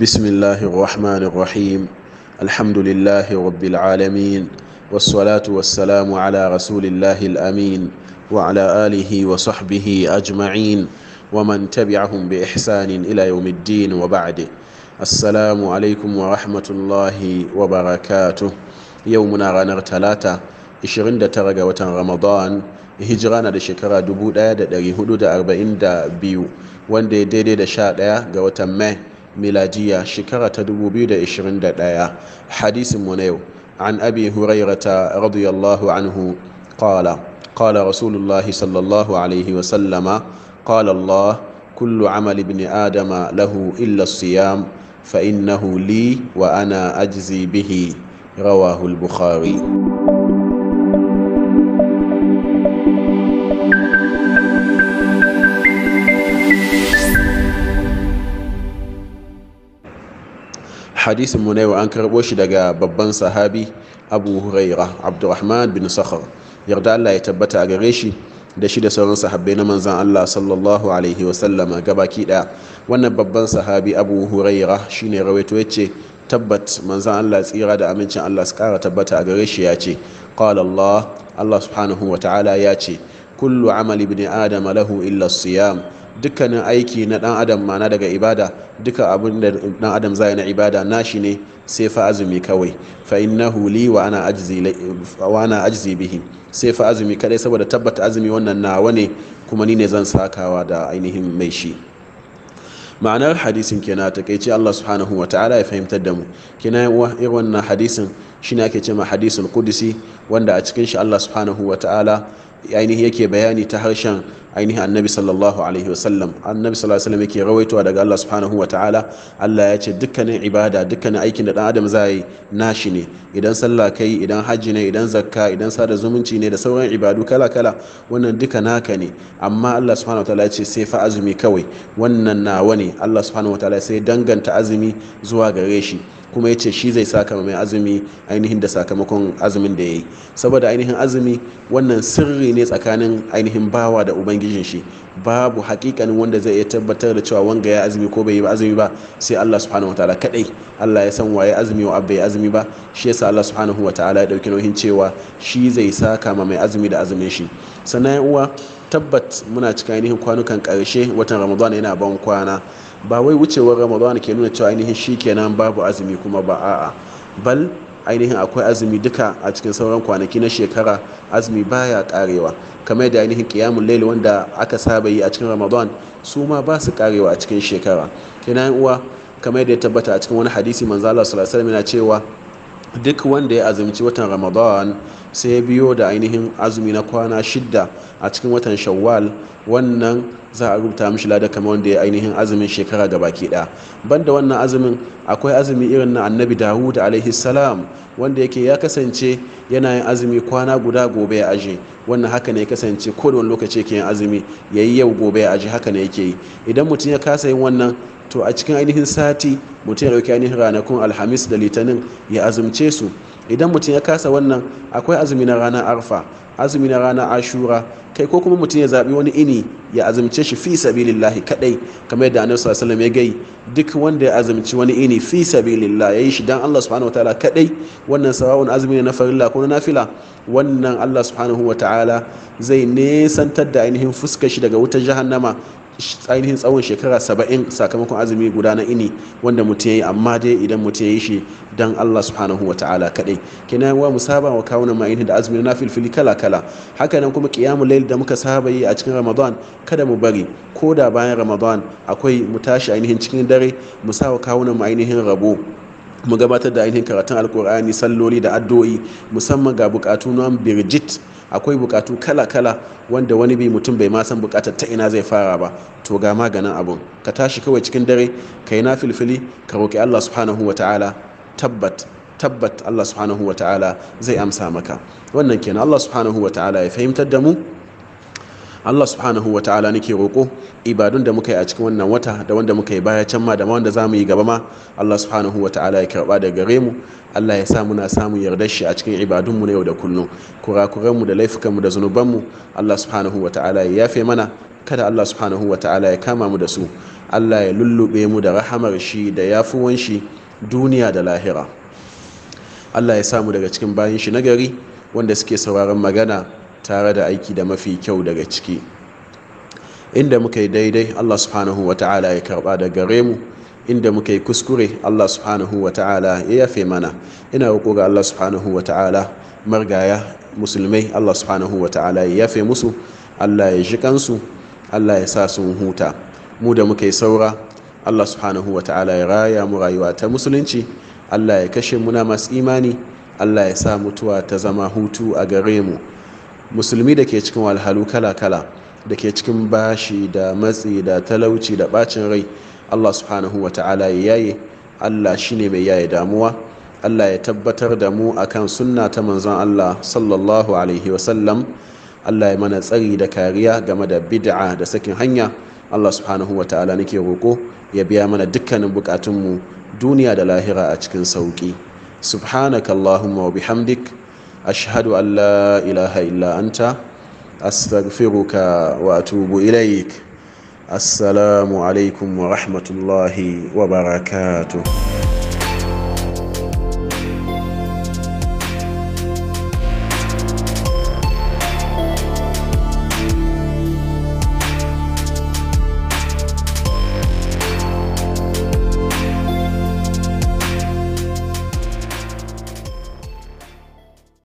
بسم الله الرحمن الرحيم الحمد لله رب العالمين والصلاة والسلام على رسول الله الأمين وعلى آله وصحبه أجمعين ومن تبعهم بإحسان إلى يوم الدين وبعد السلام عليكم ورحمة الله وبركاته يومنا غنر ثلاثة 29 ga watan Ramadan hijira na da بيو 1442 wanda دي دي دا شاد دا غوتن مه ميلادية شكرة دبوبيد إشرين دايا حديث منيو عن أبي هريرة رضي الله عنه قال قال رسول الله صلى الله عليه وسلم قال الله كل عمل ابن آدم له إلا الصيام فإنه لي وأنا أجزي به رواه البخاري hadisin mu yau an karɓo shi daga babban sahabi abu huraira abdurrahman bin sakhar yarda allah ya tabbata a gare shi da shi da sauran sahabbai na manzan allah sallallahu alaihi wasallama gabaki ɗaya wannan babban sahabi abu huraira shine rawaito ya ce tabbat manzan allah tsira da amincin allah su kara tabbata a gare shi ya ce qala allah allah subhanahu wa ta'ala ya ce kullu amali ibn adam lahu illa siyam dukkanin aiki na dan adam mana daga ibada duka abin da dan adam zai na ibada nashi ne sai fa azumi kawai fa innahu li wa ana ajzi wa ana ajzi bihi sai fa azumi kadai saboda tabbata azumi wannan nawa ne kuma ni ne zan sakawa da ainihin mai shi ma'anar hadisin kenan takeici Allah subhanahu wa ta'ala ya fahimtar da mu kenan wannan hadisin shine ake cewa hadisin qudsi wanda a cikin shi Allah subhanahu wa ta'ala ainihi yake bayani ta harshen ainihin annabi sallallahu alaihi wasallam annabi sallallahu alaihi wasallam yake rawaitowa daga Allah subhanahu wa ta'ala Allah ya ce dukkanin ibada dukkanin aikin da dan adam zai nashi ne idan sallah kai idan hajji ne idan zakka idan sada zumunci ne da sauran ibadu kala kala wannan duka naka ne amma Allah subhanahu wa ta'ala ya ce sai fa azumi kawai wannan nawa ne Allah subhanahu wa ta'ala sai danganta azumi zuwa gare shi kuma ya ce shi zai saka mai azumi ainihin da sakamakon azumin da ya yi saboda ainihin azumi wannan sirri ne tsakanin ainihin bawa da ubangijin shi babu hakikanin wanda zai iya tabbatar da cewa wanga ya azumi ko bai yi azumi ba sai Allah subhanahu ta'ala kadai Allah ya san waye azumi wa abba ya azumi ba shi yasa Allah subhanahu ta'ala ya dauki nauyin cewa shi zai saka ma mai azumi da azumin shi sannan uwa tabbat muna cikin ainihin kwanukan karshe watan ramadan yana ban kwana ba wai wucewar Ramadan ke nuna cewa ainihin shi kenan babu azumi kuma ba a'a bal ainihin akwai azumi duka a cikin sauran kwanaki na shekara azumi baya karewa kamar da ainihin kiyamun laili wanda aka saba yi a cikin ramadan su ma ba su karewa a cikin shekara kina uwa kamar da ya tabbata a cikin wani hadisi manzo Allah sallallahu alaihi wasallam yana cewa duk wanda ya azumci watan ramadan sai ya biyo da ainihin azumi na kwana shidda a cikin watan shawwal wannan za a rubuta mishi lada kamar wanda ya ainihin azumin shekara ga baki ɗaya banda wannan azumin akwai azumi irin na annabi dawud alaihi salam wanda yake ya kasance yana yin azumi kwana guda gobe ya aji wannan haka ne ya kasance ko da wani lokaci yake yin azumi ya yi yau gobe ya aji haka ne yake yi idan mutum ya kasa yin wannan to a cikin ainihin sati mutum ya ɗauki ainihin ranakun alhamis da litinin ya azumce su idan mutum ya kasa wannan akwai azumi na ranar arfa azumi na ranar ashura kai ko kuma mutum ya zaɓi wani ini ya azumce shi fi sabilillahi kadai kamar yadda annabi sallallahu ya gai duk wanda ya azumci wani ini fi sabilillah yayi shi dan Allah subhanahu wataala kadai wannan sawa'un azumi na farilla ko na nafila wannan Allah subhanahu wataala zai nesantar da ainihin fuskar shi daga wutar jahannama ainihin tsawon shekara saba'in sakamakon azumi guda na ini wanda mutum ya yi amma dai idan mutum ya yi shi dan Allah subhanahu wa ta'ala kadai kina wa mu saba wa kawunan ma'ini da azumin filfili kala kala haka nan kuma qiyamul layl da muka saba yi a cikin ramadan kada mu bari ko da bayan ramadan akwai mu tashi ainihin cikin dare mu sa wa kawunan mu ainihin rabo mu gabatar da ainihin karatun alkur'ani salloli da addu'o'i musamman ga bukatu na birjit akwai bukatu kala-kala wanda wani bi mutum bai ma san bukatar ta ina zai fara ba to ga maganin abun ka tashi kawai cikin dare ka yi na filfili ka roki allah subhanahu wa ta'ala tabbat tabbat Allah subhanahu wata'ala zai amsa maka wannan kenan Allah subhanahu wata'ala ya fahimtar da mu Allah subhanahu wata'ala nake roko ibadun da muka yi a cikin wannan wata da wanda muka yi baya can ma da ma wanda zamu yi gaba ma Allah subhanahu wata'ala ya karba da gare mu Allah ya sa muna samun yardar shi a cikin ibadun mu na yau da kullum kurakuran mu da laifukan mu da zunuban mu Allah subhanahu wata'ala ya yafe mana kada Allah subhanahu wata'ala ya kama mu da su Allah ya lullube mu da rahamar shi da yafuwan shi duniya da lahira Allah ya samu daga cikin bayan shi nagari wanda suke sauraron magana tare da aiki da mafi kyau daga ciki inda muka yi daidai Allah subhanahu wa ta'ala ya karba da gare mu inda muka yi kuskure Allah subhanahu wa ta'ala ya yafe mana ina roƙo ga Allah subhanahu wa ta'ala margaya musulmai Allah subhanahu wa ta'ala ya yafe musu Allah ya shi kansu Allah ya sa sun huta mu da muka yi saura Allah subhanahu wa ta'ala ya raya mu rayuwa ta musulunci Allah ya kashe muna masu imani Allah ya sa mutuwa ta zama hutu a gare mu musulmi da ke cikin walhalu kala-kala da ke cikin bashi da matsi da talauci da bacin rai Allah subhanahu wa ta'ala ya yaye Allah shine mai yaye damuwa Allah ya tabbatar da mu akan sunna ta manzon Allah sallallahu alaihi wasallam Allah ya mana tsari da kariya game da bid'a da sakin hanya Allah subhanahu wa ta'ala nake roƙo ya biya mana dukkanin buƙatunmu duniya da lahira a cikin sauƙi subhanaka allahumma wa bihamdik ashhadu an la ilaha illa anta astaghfiruka wa atubu ilaik assalamu alaikum wa rahmatullahi wa barakatuh